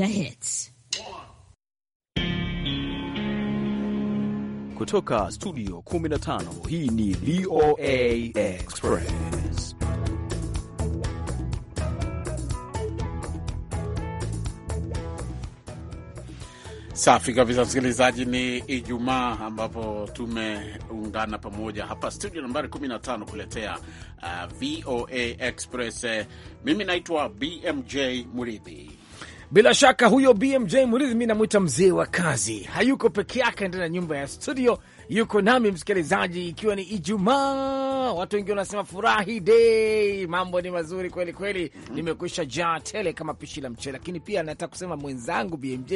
the hits. Kutoka studio 15 hii ni VOA Express. Safi kabisa, msikilizaji. Ni Ijumaa ambapo tumeungana pamoja hapa studio nambari 15 kuletea uh, VOA Express. Mimi naitwa BMJ Muridhi bila shaka huyo BMJ Murithi, mi namwita mzee wa kazi, hayuko peke yake ndani ya nyumba ya studio, yuko nami msikilizaji, ikiwa ni Ijumaa. Watu wengi wanasema furahi dei, mambo ni mazuri kweli kweli, nimekwisha jaa tele kama pishi la mchele, lakini pia nataka kusema mwenzangu BMJ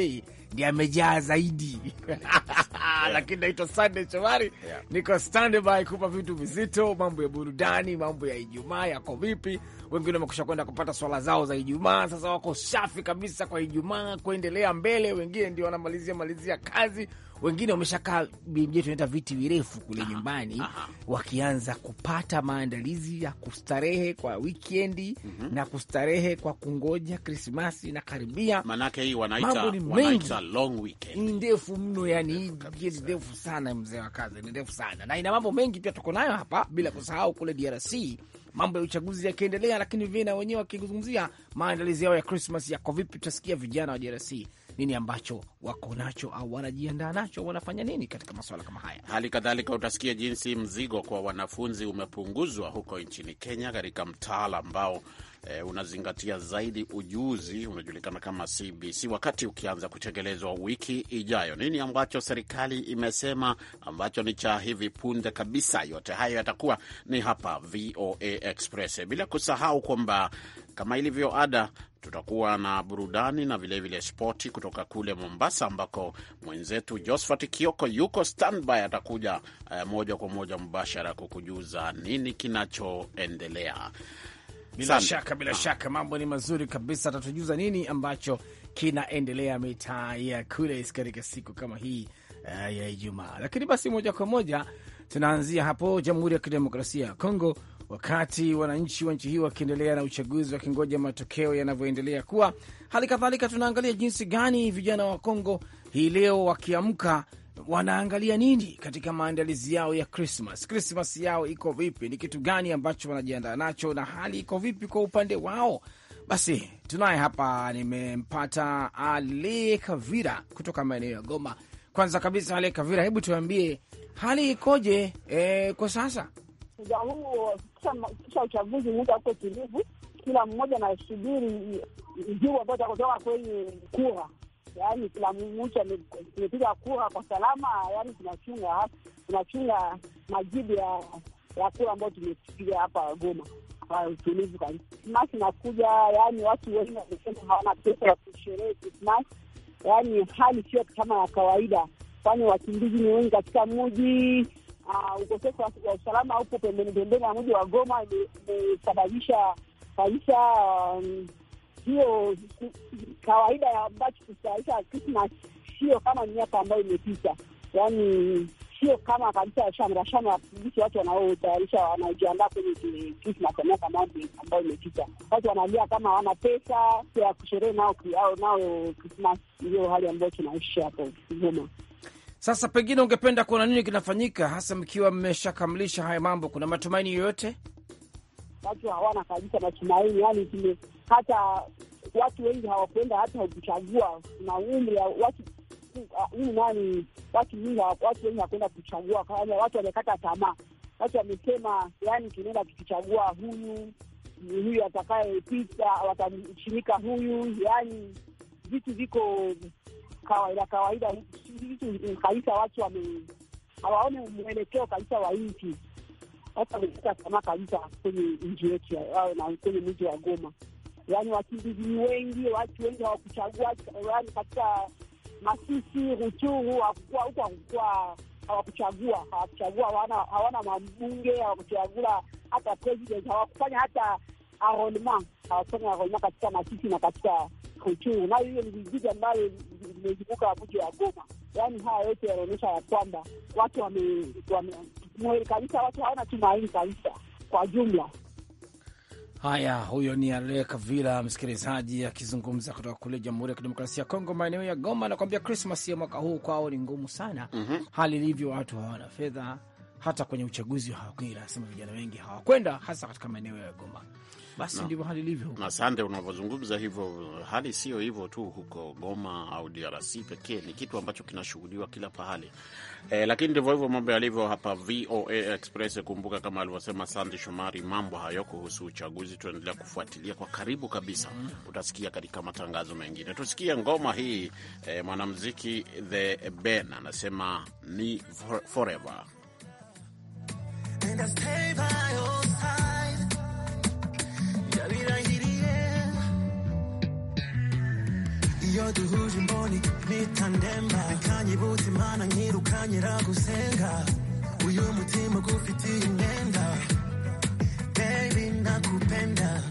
ndiye amejaa zaidi Lakini naitwa Sande Chomari Niko standby kupa vitu vizito, mambo ya burudani, mambo ya Ijumaa yako vipi? wengine wamekusha kwenda kupata swala zao za Ijumaa, sasa wako safi kabisa kwa Ijumaa kuendelea mbele, wengine ndio wanamalizia malizia kazi, wengine wameshakaa bmj, tunaita viti virefu kule nyumbani, wakianza kupata maandalizi ya kustarehe kwa wikendi mm -hmm. na kustarehe kwa kungoja Krismasi na karibia, manake hii wanaita mengi, long weekend, ni ndefu mno, yani hii ndefu sana, mzee wa kazi, ni ndefu sana na ina mambo mengi pia tuko nayo hapa, bila mhm. kusahau kule DRC mambo ya uchaguzi yakiendelea, lakini vina wenyewe wakizungumzia maandalizi yao ya Krismas yako vipi. Tutasikia vijana wa DRC nini ambacho wako nacho au wanajiandaa nacho, wanafanya nini katika masuala kama haya. Hali kadhalika utasikia jinsi mzigo kwa wanafunzi umepunguzwa huko nchini Kenya katika mtaala ambao e, unazingatia zaidi ujuzi unajulikana kama CBC wakati ukianza kutekelezwa wiki ijayo. Nini ambacho serikali imesema ambacho ni cha hivi punde kabisa? Yote hayo yatakuwa ni hapa VOA Express, eh, bila kusahau kwamba kama ilivyo ada tutakuwa na burudani na vilevile spoti kutoka kule Mombasa, ambako mwenzetu Josphat Kioko yuko standby. Atakuja eh, moja kwa moja mubashara kukujuza nini kinachoendelea. Bila Sande. shaka bila ah. shaka mambo ni mazuri kabisa. Atatujuza nini ambacho kinaendelea mitaa ya kule katika siku kama hii uh, ya Ijumaa. Lakini basi moja kwa moja tunaanzia hapo Jamhuri ya Kidemokrasia ya Kongo, wakati wananchi wa nchi hii wakiendelea na uchaguzi wakingoja matokeo yanavyoendelea kuwa. Hali kadhalika tunaangalia jinsi gani vijana wa Kongo hii leo wakiamka wanaangalia nini katika maandalizi yao ya Krismas? Krismas yao iko vipi? Ni kitu gani ambacho wanajiandaa nacho, na hali iko vipi kwa upande wao? Basi tunaye hapa, nimempata Ale Kavira kutoka maeneo ya Goma. Kwanza kabisa, Ale Kavira, hebu tuambie hali ikoje e, kwa sasa? Muda huu kisha uchaguzi, muda uko tulivu, kila mmoja anasubiri jibu ambayo takutoka kwenye kura yani kila tunamucha, amepiga kura kwa salama, yani tunachunga tunachunga majibu ya ya kura ambayo tumepiga hapa Goma kwa utulivu kabisa. inakuja, yani watu wengi wamesema hawana pesa ya kusherehe yani hali sio kama ya kawaida, kwani wakimbizi ni wengi katika mji. Ah, ukosefu wa usalama upo pembeni pembeni ya mji wa Goma imesababisha kabisa um, hiyo kawaida ya ambacho kusaisha Krismas sio kama miaka ambayo imepita, yaani sio kama kabisa ya shamra shamra watu wanaotayarisha wanaojiandaa kwenye Krismas ya miaka ambayo imepita. Watu wanalia kama hawana pesa ya kusherehe nao au nao Krismas. Ndiyo hali ambayo tunaishi hapo Goma. Sasa pengine ungependa kuona nini kinafanyika hasa mkiwa mmeshakamilisha haya mambo? Kuna matumaini yoyote? Watu hawana kabisa matumaini, yaani hata watu wengi hawakwenda hata kuchagua na umri watu uh, nani, watu wengi watu wengi hawakuenda kuchagua, kama watu wamekata tamaa, watu wamesema, yani tunaenda tukichagua huyu huyu atakayepita watamshirika huyu, yani vitu viko kawaida kawaida, vitu kabisa, watu wame hawaone mwelekeo kabisa wa nchi, watu wamekata tamaa kabisa kwenye nchi yetu na kwenye mji wa Goma yani wakimbizi wengi, watu wengi hawakuchagua yani, katika Masisi, Ruchuru huko hakukuwa hawakuchagua hawakuchagua, hawana hawana mabunge, hawakuchagula hata president, hawakufanya hata enrolement, hawakufanya enrolement katika Masisi na katika Ruchuru, na hiyo ni vijiji ambayo vimezunguka mji wa Goma. yani haya yote yanaonyesha ya kwamba watu wame- wame- kabisa, watu hawana tumaini kabisa kwa jumla. Haya, huyo ni Ale Kavila msikilizaji akizungumza kutoka kule Jamhuri ya Kidemokrasia ya Kongo, maeneo ya Goma. Anakuambia Krismas ya mwaka huu kwao ni ngumu sana. mm -hmm. Hali ilivyo, watu hawana fedha, hata kwenye uchaguzi hawakwenda, anasema vijana wengi hawakwenda, hasa katika maeneo ya Goma. Basi ndivyo hali ilivyo. Asante, unavyozungumza hivyo, hali siyo hivyo tu huko Goma au DRC pekee, ni kitu ambacho kinashuhudiwa kila pahali eh, lakini ndivyo hivyo mambo yalivyo hapa VOA Express. Kumbuka kama alivyosema Sandi Shomari, mambo hayo kuhusu uchaguzi tunaendelea kufuatilia kwa karibu kabisa. mm Utasikia katika matangazo mengine. Tusikie ngoma hii eh, mwanamziki The Ben anasema ni forever nicyo duhuje imboni bita ndemba bikanye nkirukanye ragusenga uyu mutima baby nakupenda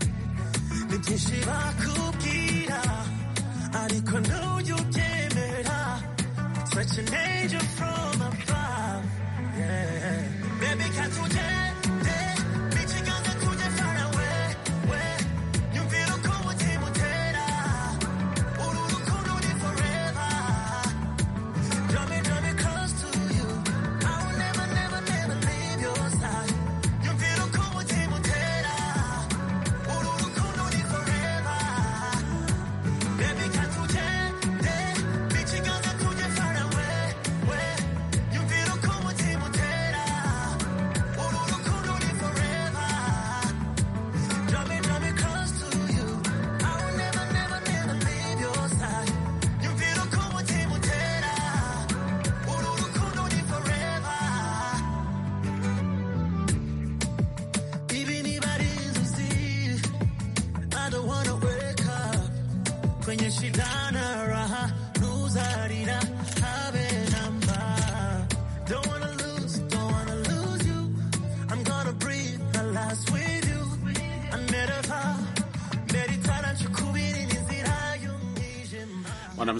such an angel from a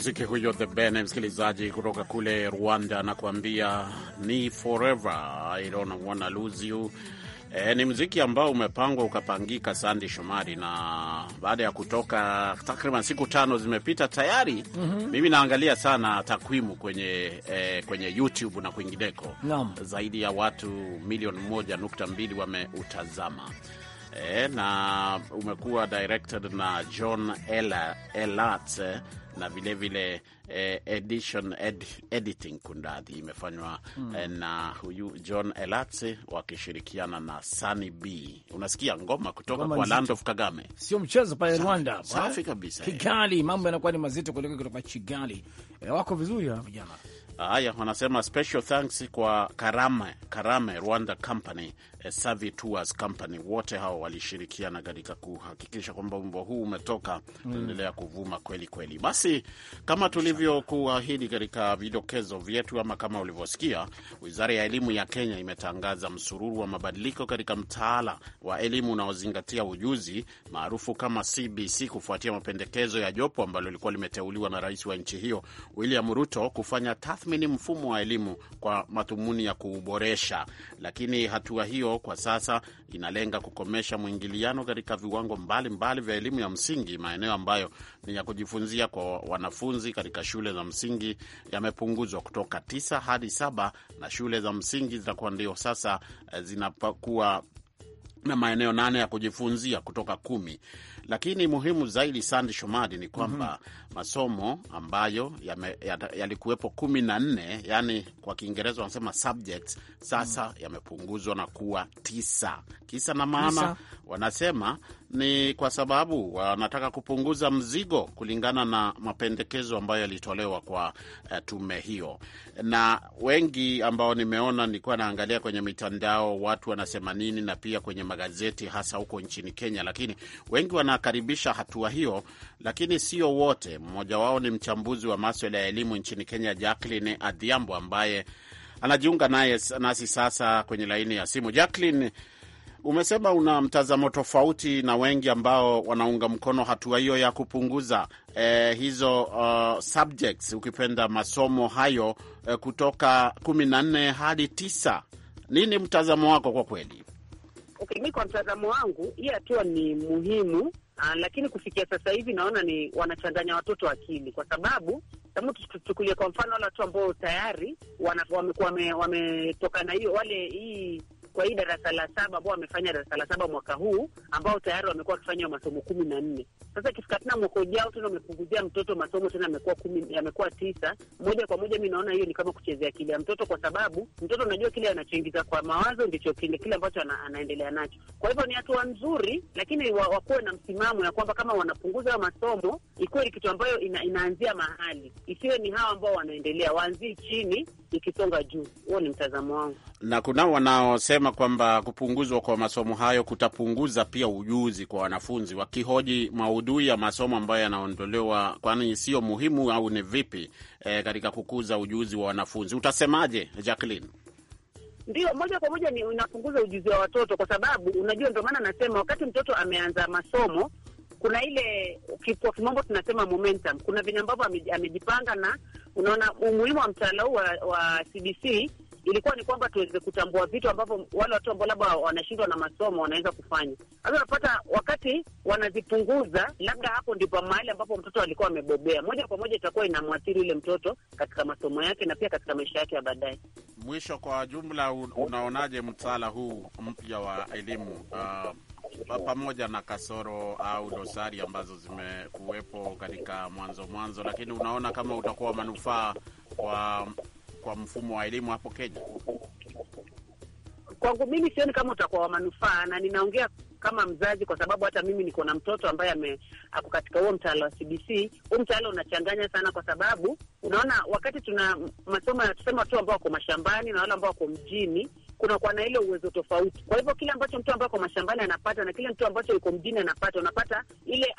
muziki huyo The Ben, msikilizaji kutoka kule Rwanda, anakuambia ni forever I don't wanna lose you. E, ni mziki ambao umepangwa ukapangika, Sandi Shomari, na baada ya kutoka takriban siku tano zimepita tayari. mm -hmm. Mimi naangalia sana takwimu kwenye e, kwenye YouTube na kwingineko no. Zaidi ya watu milioni moja nukta mbili wameutazama. E, na umekuwa directed na John Elat na vilevile vile, eh, edition ed, editing kundadhi imefanywa mm. eh, na huyu John Elatse wakishirikiana na Sunny B. Unasikia ngoma kutoka ngoma kwa Land of Kagame, sio mchezo pale Rwanda. Safi kabisa, eh. Kigali. Mambo yanakuwa ni mazito kuliko kutoka Kigali. E, wako vizuri hawa vijana. Haya, wanasema special thanks kwa Karame, Karame Rwanda Company Eh, Savvy Tours Company, wote hao walishirikiana katika kuhakikisha kwamba wimbo huu umetoka, unaendelea mm. kuvuma kweli kweli. Basi kama tulivyokuahidi katika vidokezo vyetu ama kama ulivyosikia, wizara ya elimu ya Kenya imetangaza msururu wa mabadiliko katika mtaala wa elimu unaozingatia ujuzi maarufu kama CBC kufuatia mapendekezo ya jopo ambalo lilikuwa limeteuliwa na rais wa nchi hiyo William Ruto kufanya tathmini mfumo wa elimu kwa madhumuni ya kuuboresha, lakini hatua hiyo kwa sasa inalenga kukomesha mwingiliano katika viwango mbalimbali vya elimu ya msingi. Maeneo ambayo ni ya kujifunzia kwa wanafunzi katika shule za msingi yamepunguzwa kutoka tisa hadi saba na shule za msingi zitakuwa ndio sasa eh, zinakuwa na maeneo nane ya kujifunzia kutoka kumi. Lakini muhimu zaidi, Sande Shomari, ni kwamba mm -hmm. masomo ambayo yalikuwepo ya, ya kumi na nne, yani kwa Kiingereza wanasema subject, sasa mm -hmm. yamepunguzwa na kuwa tisa. Kisa na maana wanasema ni kwa sababu wanataka uh, kupunguza mzigo kulingana na mapendekezo ambayo yalitolewa kwa uh, tume hiyo, na wengi ambao nimeona, nilikuwa naangalia kwenye mitandao watu wanasema nini, na pia kwenye magazeti, hasa huko nchini Kenya, lakini wengi wanakaribisha hatua hiyo, lakini sio wote. Mmoja wao ni mchambuzi wa maswala ya elimu nchini Kenya, Jacqueline Adhiambo ambaye anajiunga naye nasi sasa kwenye laini ya simu. Jacqueline, Umesema una mtazamo tofauti na wengi ambao wanaunga mkono hatua hiyo ya kupunguza eh, hizo uh, subjects ukipenda masomo hayo eh, kutoka kumi na nne hadi tisa. Nini mtazamo wako kwa kweli? Okay, mi kwa mtazamo wangu hii hatua ni muhimu aa, ah, lakini kufikia sasa hivi naona ni wanachanganya watoto akili, kwa sababu kama tuchukulie kwa mfano wale watu ambao tayari wametoka na hiyo wale hii kwa hii darasa la saba ambao wamefanya darasa la saba mwaka huu ambao tayari wamekuwa wakifanya masomo kumi na nne. Sasa ikifika tena mwaka ujao tena wamepunguzia mtoto masomo tena amekuwa kumi, amekuwa tisa. Moja kwa moja mi naona hiyo ni kama kuchezea akili ya mtoto, kwa sababu mtoto unajua kile anachoingiza kwa mawazo ndicho kile kile ambacho ana, anaendelea nacho. Kwa hivyo ni hatua nzuri, lakini wa, wakuwe na msimamo ya kwamba kama wanapunguza wa masomo ikuwe ni kitu ambayo ina, inaanzia mahali, isiwe ni hawa ambao wanaendelea waanzii chini ikisonga juu. Huo ni mtazamo wangu, na kunao wanaosema anasema kwamba kupunguzwa kwa masomo hayo kutapunguza pia ujuzi kwa wanafunzi, wakihoji maudhui ya masomo ambayo yanaondolewa, kwani sio muhimu au ni vipi e, katika kukuza ujuzi wa wanafunzi? Utasemaje Jacqueline? Ndio, moja kwa moja ni unapunguza ujuzi wa watoto, kwa sababu unajua, ndio maana nasema wakati mtoto ameanza masomo kuna ile kwa kimombo tunasema momentum, kuna vile ambavyo amejipanga, na unaona umuhimu wa mtaala huu wa, wa CBC ilikuwa ni kwamba tuweze kutambua vitu ambavyo wale watu ambao labda wanashindwa na masomo wanaweza kufanya. Sasa unapata wakati wanazipunguza, labda hapo ndipo mahali ambapo mtoto alikuwa amebobea, moja kwa moja itakuwa inamwathiri yule mtoto katika masomo yake na pia katika maisha yake ya baadaye. Mwisho, kwa jumla, unaonaje mtaala huu mpya wa elimu uh, pamoja na kasoro au dosari ambazo zimekuwepo katika mwanzo mwanzo, lakini unaona kama utakuwa manufaa kwa kwa mfumo wa elimu hapo Kenya? Kwangu mimi sioni kama utakuwa wa manufaa, na ninaongea kama mzazi, kwa sababu hata mimi niko na mtoto ambaye ako katika huo mtaala wa CBC. Huu mtaala unachanganya sana, kwa sababu unaona, wakati tuna masomo ya watu ambao wako mashambani na wale ambao wako mjini kunakuwa na ile uwezo tofauti. Kwa hivyo kile ambacho mtu ambaye kwa mashambani anapata na kile mtu ambacho yuko mjini anapata, unapata ile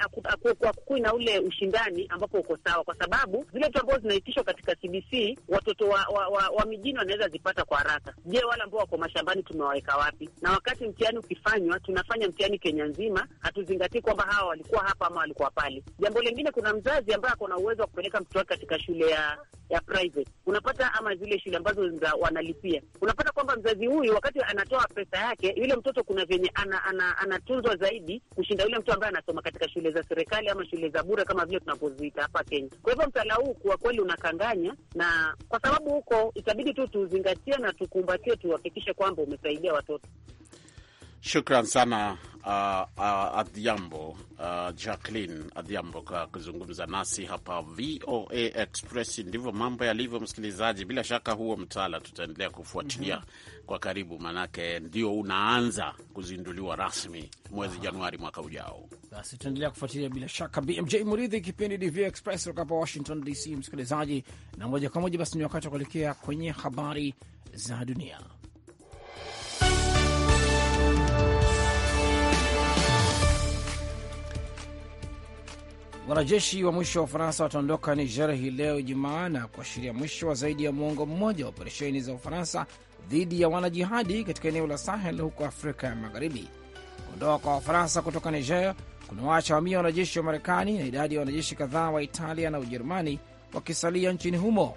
akukui na ule ushindani ambapo uko sawa, kwa sababu zile tu ambazo zinaitishwa katika CBC watoto wa, wa, wa, wa mijini wanaweza zipata kwa haraka. Je, wale ambao wako mashambani tumewaweka wapi? Na wakati mtihani ukifanywa, tunafanya mtihani Kenya nzima, hatuzingatii kwamba hawa walikuwa hapa ama walikuwa pale. Jambo lingine, kuna mzazi ambaye ako na uwezo wa kupeleka mtoto wake katika shule ya ya private, unapata ama zile shule ambazo wanalipia, unapata kwamba mzazi huyu wakati anatoa pesa yake, yule mtoto kuna venye anatunzwa ana, ana zaidi kushinda yule mtu ambaye anasoma katika shule za serikali ama shule za bure kama vile tunavyoziita hapa Kenya. Kwa hivyo mtaala huu kwa kweli unakanganya, na kwa sababu huko itabidi tu tuzingatie na tukumbatie, tuhakikishe kwamba umesaidia watoto. Shukran sana uh, uh, Adhiambo uh, Jacqueline Adhiambo kwa kuzungumza nasi hapa VOA Express. Ndivyo mambo yalivyo, msikilizaji. Bila shaka huo mtaala tutaendelea kufuatilia mm -hmm. kwa karibu, maanake ndio unaanza kuzinduliwa rasmi mwezi Januari mwaka ujao. Basi tutaendelea kufuatilia bila shaka. BMJ Muridhi, kipindi ni VOA Express kutoka hapa Washington DC, msikilizaji, na moja kwa moja basi ni wakati wa kuelekea kwenye habari za dunia. Wanajeshi wa mwisho wa Ufaransa wataondoka Niger hii leo Ijumaa na kuashiria mwisho wa zaidi ya mwongo mmoja wa operesheni za Ufaransa dhidi ya wanajihadi katika eneo la Sahel huko Afrika ya Magharibi. Kuondoka kwa Wafaransa kutoka Niger kunawaacha wamia wanajeshi wa Marekani na idadi ya wanajeshi kadhaa wa Italia na Ujerumani wakisalia nchini humo.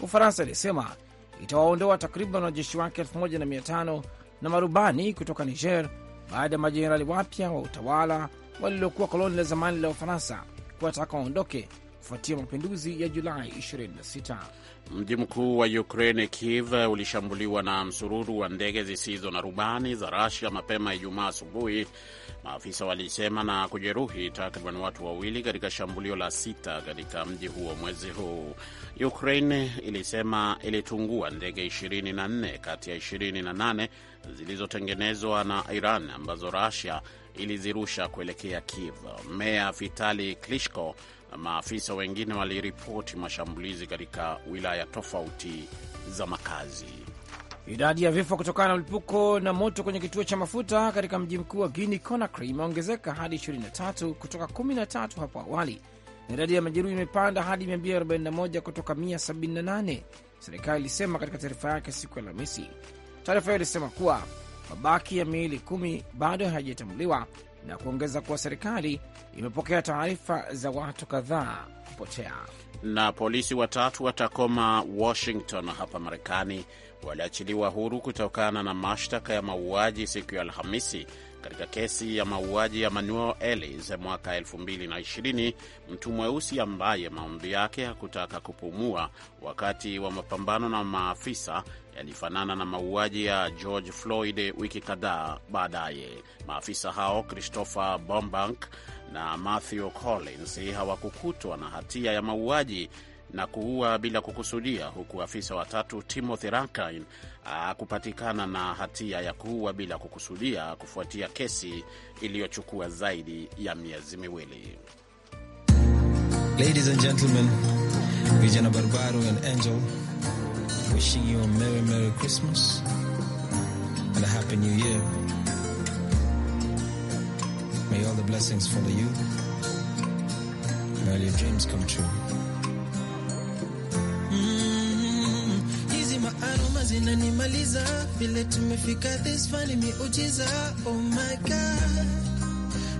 Ufaransa ilisema itawaondoa takriban wanajeshi wake 1500 na marubani kutoka Niger baada ya majenerali wapya wa utawala walilokuwa koloni la zamani la Ufaransa wataka waondoke kufuatia mapinduzi ya Julai 26. Mji mkuu wa Ukraine, Kiev, ulishambuliwa na msururu wa ndege zisizo na rubani za Rusia mapema Ijumaa asubuhi, maafisa walisema, na kujeruhi takriban watu wawili katika shambulio la sita katika mji huo mwezi huu. Ukraine ilisema ilitungua ndege 24 kati ya 28 zilizotengenezwa na Iran ambazo Russia ilizirusha kuelekea Kiev. Meya Vitali Klitschko na maafisa wengine waliripoti mashambulizi katika wilaya tofauti za makazi. Idadi ya vifo kutokana na mlipuko na moto kwenye kituo cha mafuta katika mji mkuu wa Guinea Conakry imeongezeka hadi 23 kutoka 13 hapo awali na idadi ya majeruhi imepanda hadi 241 kutoka 178, serikali ilisema katika taarifa yake siku ya Alhamisi. Taarifa hiyo ilisema kuwa mabaki ya miili kumi bado hayajatambuliwa na kuongeza kuwa serikali imepokea taarifa za watu kadhaa kupotea. Na polisi watatu wa Tacoma, Washington, hapa Marekani, waliachiliwa huru kutokana na mashtaka ya mauaji siku ya Alhamisi katika kesi ya mauaji ya Manuel Ellis mwaka 2020, mtu mweusi ambaye maombi yake hakutaka kupumua wakati wa mapambano na maafisa yalifanana na mauaji ya George Floyd wiki kadhaa baadaye. Maafisa hao Christopher Bombank na Matthew Collins hawakukutwa na hatia ya mauaji na kuua bila kukusudia, huku afisa watatu Timothy Rankin akupatikana na hatia ya kuua bila kukusudia kufuatia kesi iliyochukua zaidi ya miezi miwili. Ladies and gentlemen, vijana Barbaro and Angel wishing you a merry merry Christmas and a happy new year. May all the blessings follow you and all your dreams come true. unanimaliza vile tumefika this far ni miujiza. Oh my God,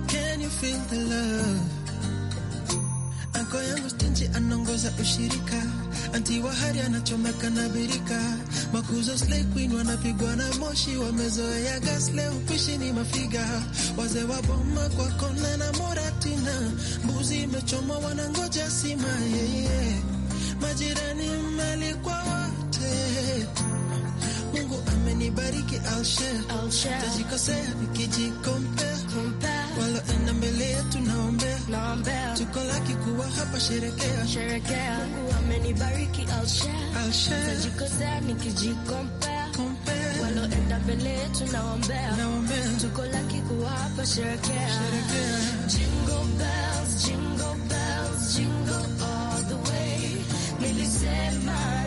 can you feel the love? ako yangu stinji anaongoza ushirika, anti wahari anachomeka na birika, makuzo slay queen wanapigwa na moshi, wamezoea leo upishi ni mafiga, wazee wa boma kwa kona na moratina, mbuzi imechoma wanangoja sima, yeah, yeah. Majirani mali kwa wote amenibariki alshe tajikosea nikijikompea walo enda mbele yetu naombea tuko laki kuwa hapa sherekea Mungu amenibariki alshe tajikosea nikijikompea waloenda mbele yetu naombea tuko laki kuwa hapa sherekea Jingle bells, jingle bells, jingle all the way nilisema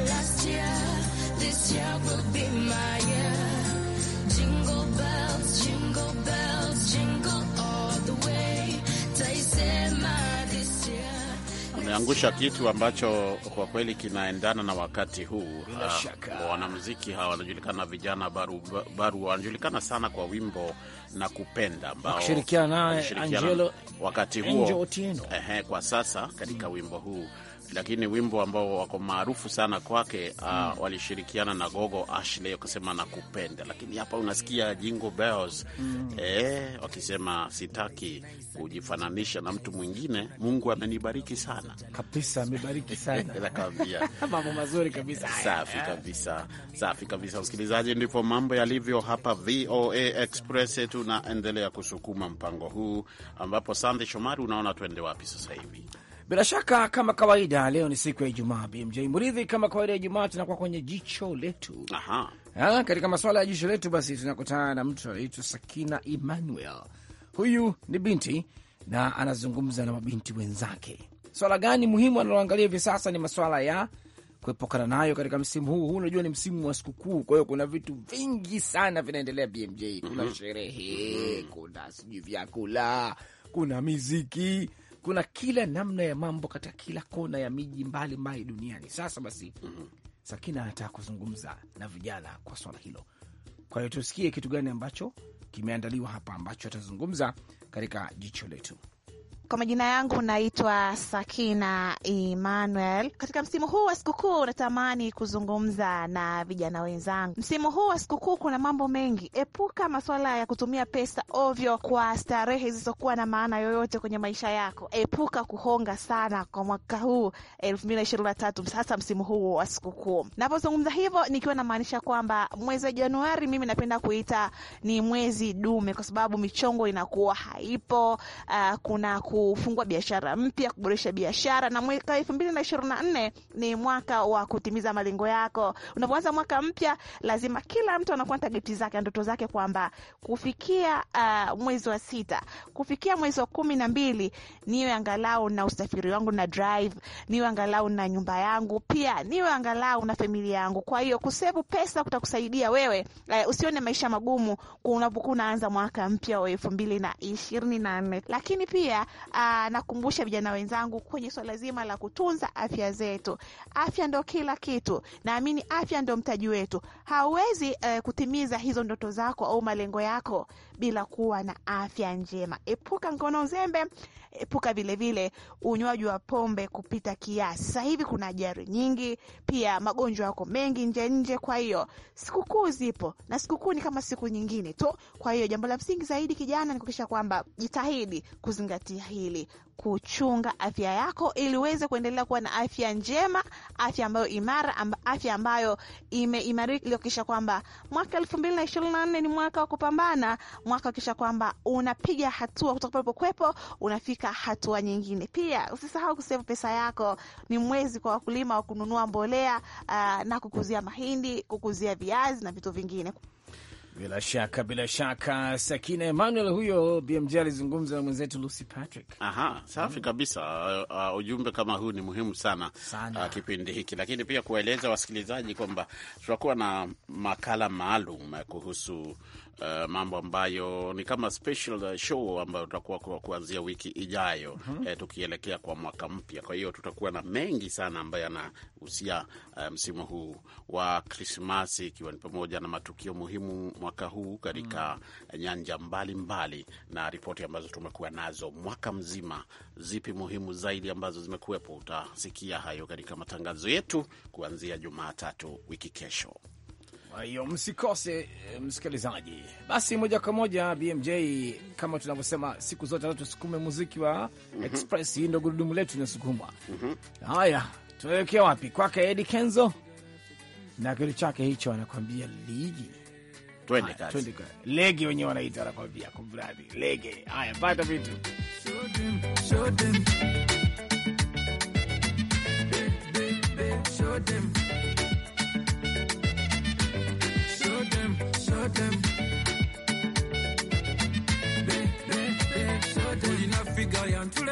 angusha kitu ambacho kwa kweli kinaendana na wakati huu. Uh, wanamuziki hawa wanajulikana, vijana baru, baru wanajulikana sana kwa wimbo na kupenda ambao wakati huo Angelo Eh, kwa sasa katika wimbo huu lakini wimbo ambao wako maarufu sana kwake uh, walishirikiana na Gogo Ashley wakasema nakupenda, lakini hapa unasikia Jingle Bells mm. eh, wakisema sitaki kujifananisha na mtu mwingine, Mungu amenibariki sana kabisa, amebariki sana mambo mazuri kabisa, safi eh. kabisa, safi kabisa. Msikilizaji, ndipo mambo yalivyo hapa VOA Express, tunaendelea kusukuma mpango huu ambapo Sande Shomari, unaona tuende wapi sasa hivi? Bila shaka kama kawaida, leo ni siku ya Ijumaa. BMJ Mridhi, kama kawaida ya Ijumaa tunakuwa kwenye jicho letu. Aha. Ha, katika masuala ya jicho letu basi tunakutana na mtu anaitwa Sakina Emmanuel. Huyu ni binti na anazungumza na mabinti wenzake. Swala gani muhimu analoangalia hivi sasa ni maswala ya kuepukana nayo katika msimu huu huu. Unajua ni msimu wa sikukuu, kwa hiyo kuna vitu vingi sana vinaendelea BMJ. Kuna mhm. sherehe, kuna sijui vyakula, kuna miziki kuna kila namna ya mambo katika kila kona ya miji mbalimbali duniani. Sasa basi, mm -hmm. Sakina anataka kuzungumza na vijana kwa swala hilo, kwa hiyo tusikie kitu gani ambacho kimeandaliwa hapa ambacho atazungumza katika jicho letu. Kwa majina yangu naitwa Sakina Emmanuel. Katika msimu huu wa sikukuu, natamani kuzungumza na vijana wenzangu. Msimu huu wa sikukuu kuna mambo mengi. Epuka masuala ya kutumia pesa ovyo kwa starehe zisizokuwa na maana yoyote kwenye maisha yako. Epuka kuhonga sana kwa mwaka huu elfu mbili na ishirini na tatu, hasa msimu huu wa sikukuu. Napozungumza hivyo, nikiwa namaanisha kwamba mwezi wa Januari mimi napenda kuita ni mwezi dume, kwa sababu michongo inakuwa haipo. Uh, kuna ku kufungua biashara mpya, kuboresha biashara. Na mwaka elfu mbili na ishirini na nne ni mwaka wa kutimiza malengo yako. Unapoanza mwaka mpya, lazima kila mtu anakuwa na tageti zake, ndoto zake kwamba kufikia uh, mwezi wa sita, kufikia mwezi wa kumi na mbili niwe angalau na usafiri wangu na drive, niwe angalau na nyumba yangu, pia niwe angalau na familia yangu. Kwa hiyo kusevu pesa kutakusaidia wewe uh, usione maisha magumu unapokuwa unaanza mwaka mpya wa elfu mbili na ishirini na nne. Lakini pia Ah, nakumbusha vijana wenzangu kwenye swala zima la kutunza afya zetu. Afya ndo kila kitu, naamini afya ndo mtaji wetu. Hawezi uh, eh, kutimiza hizo ndoto zako au malengo yako bila kuwa na afya njema. Epuka ngono zembe epuka vilevile unywaji wa pombe kupita kiasi. Sasa hivi kuna ajali nyingi, pia magonjwa yako mengi nje nje. Kwa hiyo sikukuu zipo na sikukuu ni kama siku nyingine tu. Kwa hiyo jambo la msingi zaidi, kijana, ni kuhakikisha kwamba jitahidi kuzingatia hili kuchunga afya yako ili uweze kuendelea kuwa na afya njema, afya ambayo imara, amba, afya ambayo imeimarika ili kwamba mwaka elfu mbili na ishirini na nne ni mwaka wa kupambana, mwaka kuhakikisha kwamba unapiga hatua kutoka palipokuwepo unafika hatua nyingine. Pia usisahau kusevu pesa yako. Ni mwezi kwa wakulima wa kununua mbolea uh, na kukuzia mahindi, kukuzia viazi na vitu vingine. Bila shaka bila shaka, Sakina Emmanuel huyo BMJ alizungumza na mwenzetu Lucy Patrick. Aha, safi mm, kabisa. Uh, uh, ujumbe kama huu ni muhimu sana, sana. Uh, kipindi hiki lakini pia kuwaeleza wasikilizaji kwamba tutakuwa na makala maalum eh, kuhusu uh, mambo ambayo ni kama special eh, show ambayo tutakuwa kuanzia wiki ijayo mm -hmm. eh, tukielekea kwa mwaka mpya. Kwa hiyo tutakuwa na mengi sana ambayo yanahusia uh, msimu huu wa Krismasi, ikiwa ni pamoja na matukio muhimu mwaka huu katika mm -hmm. nyanja mbalimbali mbali, na ripoti ambazo tumekuwa nazo mwaka mzima, zipi muhimu zaidi ambazo zimekuwepo. Utasikia hayo katika matangazo yetu kuanzia Jumatatu wiki kesho. Kwa hiyo msikose eh, msikilizaji. Basi moja kwa moja BMJ, kama tunavyosema siku zote, aa, tusukume muziki wa mm -hmm. Express. Hii ndo gurudumu letu inasukumwa. mm -hmm. Haya, tunaelekea wapi? Kwake Eddie Kenzo na kitu chake hicho, anakwambia ligi lege wenyewe wanaita, anakwambia kumradi lege. Haya, pata vitu them. They, they, they show them. Holding a figure until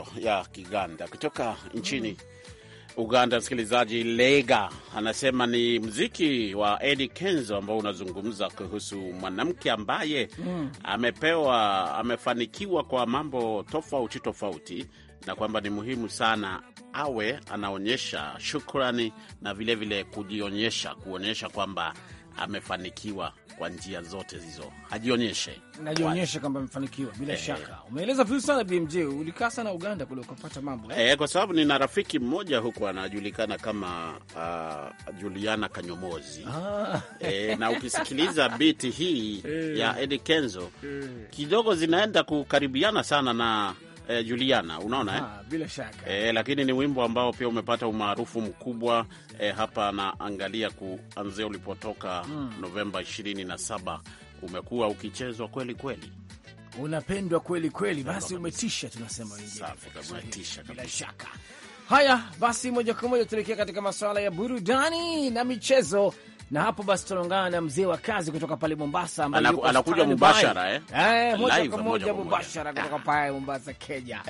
hiyo ya Kiganda kutoka nchini Uganda. Msikilizaji Lega anasema ni mziki wa Eddie Kenzo ambao unazungumza kuhusu mwanamke ambaye mm. amepewa amefanikiwa kwa mambo tofauti tofauti na kwamba ni muhimu sana awe anaonyesha shukrani na vilevile vile kujionyesha, kuonyesha kwamba amefanikiwa kwa njia zote hizo, ajionyeshe, najionyeshe kwamba amefanikiwa bila e, shaka. Umeeleza vizuri sana BMJ, ulikaa sana Uganda kule ukapata mambo e, kwa sababu nina rafiki mmoja huku anajulikana kama uh, Juliana Kanyomozi ah. E, na ukisikiliza biti hii e, ya Edi Kenzo e, kidogo zinaenda kukaribiana sana na eh, Juliana, unaona eh? Ah, bila shaka eh, lakini ni wimbo ambao pia umepata umaarufu mkubwa eh, hapa na angalia kuanzia ulipotoka mm. Novemba 27 umekuwa ukichezwa kweli kweli unapendwa kweli kweli, basi umetisha, tunasema bila shaka. Haya basi, moja kwa moja tuelekea katika masuala ya burudani na michezo na hapo basi tunaungana na mzee wa kazi kutoka pale Mombasa, ambaye anakuja mubashara eh, eh moja kwa moja mubashara kutoka pale Mombasa, Kenya.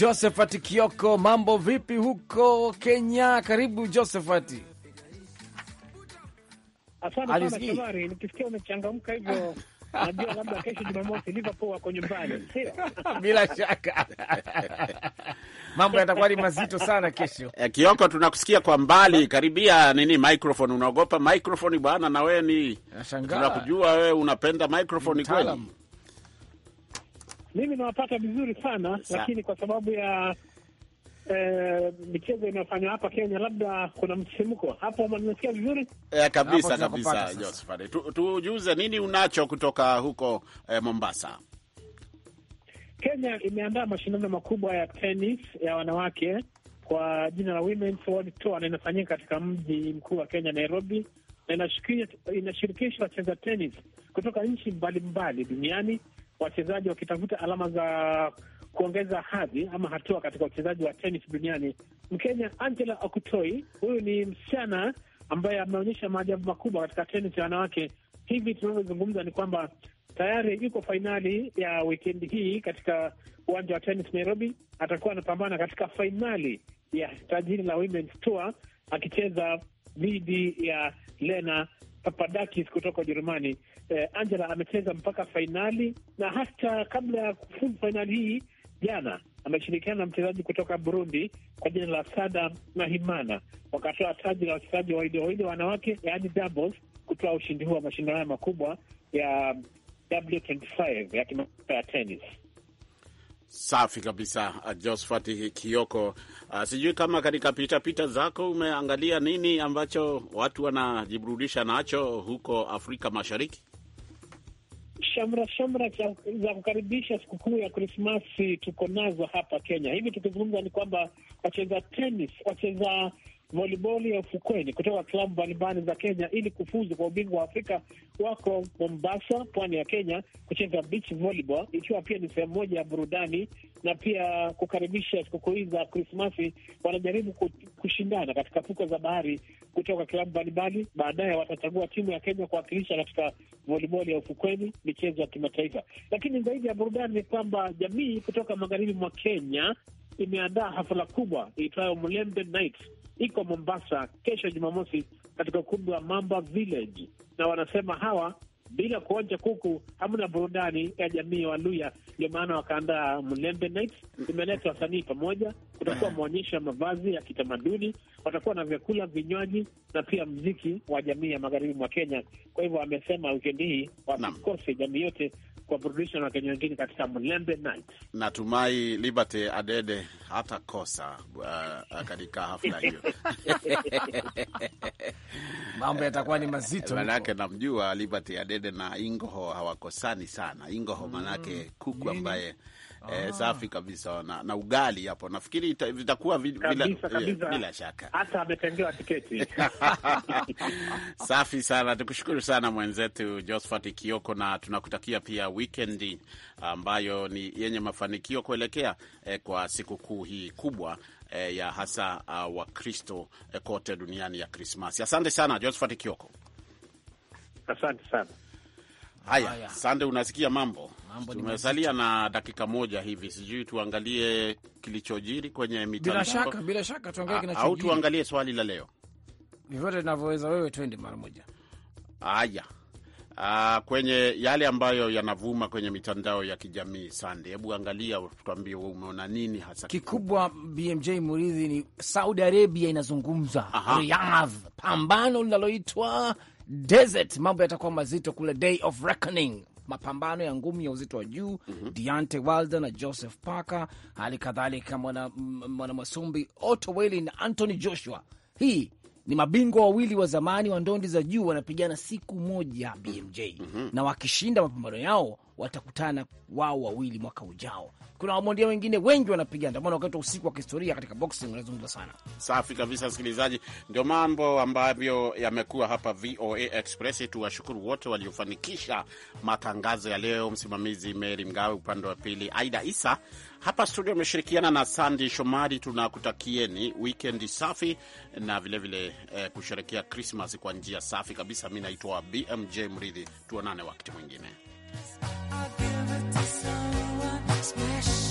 Josephat Kioko, mambo vipi huko Kenya? Karibu Josephat. Asante sana Shomari, nikisikia umechangamka hivyo ah najua labda kesho Jumamosi Liverpool wako nyumbani, sio? Bila shaka mambo yatakuwa ni mazito sana kesho. Eh, Kioko, tunakusikia kwa mbali, karibia nini microphone. Unaogopa microphone bwana? Na wewe ni tunakujua wewe unapenda microphone kweli. Mimi nawapata vizuri sana Sa, lakini kwa sababu ya Eh, michezo inayofanywa hapa Kenya, labda kuna msisimko hapo. Mnasikia vizuri eh, kabisa kabisa. Josephat, tujuze tu nini unacho kutoka huko eh, Mombasa. Kenya imeandaa mashindano makubwa ya tenis ya wanawake kwa jina la Women's World Tour na inafanyika katika mji mkuu wa Kenya, Nairobi, na inashirikisha wacheza tenis kutoka nchi mbalimbali duniani, wachezaji wakitafuta alama za kuongeza hadhi ama hatua katika uchezaji wa tenis duniani. Mkenya Angela Okutoi, huyu ni msichana ambaye ameonyesha maajabu makubwa katika tenis ya wanawake. Hivi tunavyozungumza ni kwamba tayari yuko fainali ya wikendi hii katika uwanja wa tenis Nairobi. Atakuwa anapambana katika fainali ya tajiri la Women's Tour akicheza dhidi ya Lena Papadakis kutoka Ujerumani. Eh, Angela amecheza mpaka fainali na hata kabla ya kufuzu fainali hii jana ameshirikiana na mchezaji kutoka Burundi kwa jina la Sada Nahimana, wakatoa taji la wachezaji wawili wawili wanawake, yaani doubles, kutoa ushindi huu wa mashindano haya makubwa ya W25 ya kimataifa ya tenis. Safi kabisa, uh, Josphat Kioko. Uh, sijui kama katika pitapita zako umeangalia nini ambacho watu wanajiburudisha nacho huko Afrika Mashariki shamra shamra za kukaribisha sikukuu ya Krismasi tuko nazo hapa Kenya. Hivi tukizungumza ni kwamba wacheza tenis, wacheza voliboli ya ufukweni kutoka klabu mbalimbali za Kenya ili kufuzu kwa ubingwa wa Afrika. Wako Mombasa, pwani ya Kenya, kucheza beach volleyball, ikiwa pia ni sehemu moja ya burudani na pia kukaribisha sikukuu hii za Krismasi. Wanajaribu kushindana katika fuko za bahari kutoka klabu mbalimbali. Baadaye watachagua timu ya Kenya kuwakilisha katika voliboli ya ufukweni, michezo ya kimataifa. Lakini zaidi ya burudani ni kwamba jamii kutoka magharibi mwa Kenya imeandaa hafla kubwa iitwayo Mlembe Night iko Mombasa kesho Jumamosi katika ukumbi wa Mamba Village, na wanasema hawa bila kuonja kuku hamna burudani ya jamii ya Waluya. Ndio maana wakaandaa Mlembe Night, imeleta wasanii pamoja. Kutakuwa mm. maonyesho ya mavazi ya kitamaduni, watakuwa na vyakula, vinywaji na pia mziki wa jamii ya magharibi mwa Kenya. Kwa hivyo wamesema wikendi hii wasikose, jamii yote kwa burudisho na Kenya wengine katika Mlembe Night. Natumai Liberty Adede hata kosa uh, katika hafla hiyo mambo yatakuwa ni mazito, manake namjua Liberty Adede na Ingoho hawakosani sana. Ingoho manake kuku ambaye mm. Ah. Eh, safi kabisa na, na ugali hapo nafikiri vitakuwa bila, eh, bila shaka hata ametengewa tiketi safi sana. Tukushukuru sana mwenzetu Josphat Kioko, na tunakutakia pia wikendi ah, ambayo ni yenye mafanikio kuelekea eh, kwa sikukuu hii kubwa eh, ya hasa uh, ah, Wakristo eh, kote duniani ya Krismasi. Asante sana Josphat Kioko, asante sana. Haya, haya. Sande, unasikia mambo Tumesalia na dakika moja hivi, sijui tuangalie kilichojiri kwenye mitandao. Bila shaka, bila shaka tuangalie ah, kinachojiri au tuangalie swali la leo, vyovyote tunavyoweza. Wewe twende mara moja. Haya, ah, kwenye yale ambayo yanavuma kwenye mitandao ya kijamii Sande, hebu angalia, tuambie umeona nini hasa kikubwa. BMJ Muridhi, ni Saudi Arabia inazungumza, Riyadh, pambano linaloitwa Desert, mambo yatakuwa mazito kule, Day of Reckoning mapambano ya ngumi ya uzito wa juu mm -hmm. Deontay Wilder na Joseph Parker, hali kadhalika mwanamasumbi Otto Welling na Anthony Joshua. Hii ni mabingwa wawili wa zamani wa ndondi za juu, wanapigana siku moja BMJ. mm -hmm. na wakishinda mapambano yao watakutana wao wawili mwaka ujao. Kuna wabondia wengine wengi wanapigana, ndio maana wakati wa usiku wa kihistoria katika boxing unazungumza sana. Safi kabisa, msikilizaji, ndio mambo ambavyo yamekuwa hapa VOA Express. Tuwashukuru wote waliofanikisha matangazo ya leo, msimamizi Meri Mgawe, upande wa pili Aida Isa hapa studio ameshirikiana na Sandi Shomari. Tunakutakieni wikendi safi na vilevile vile, eh, kusherekea Krismas kwa njia safi kabisa. Mi naitwa BMJ Mridhi, tuonane wakati mwingine. I'll give it to someone special.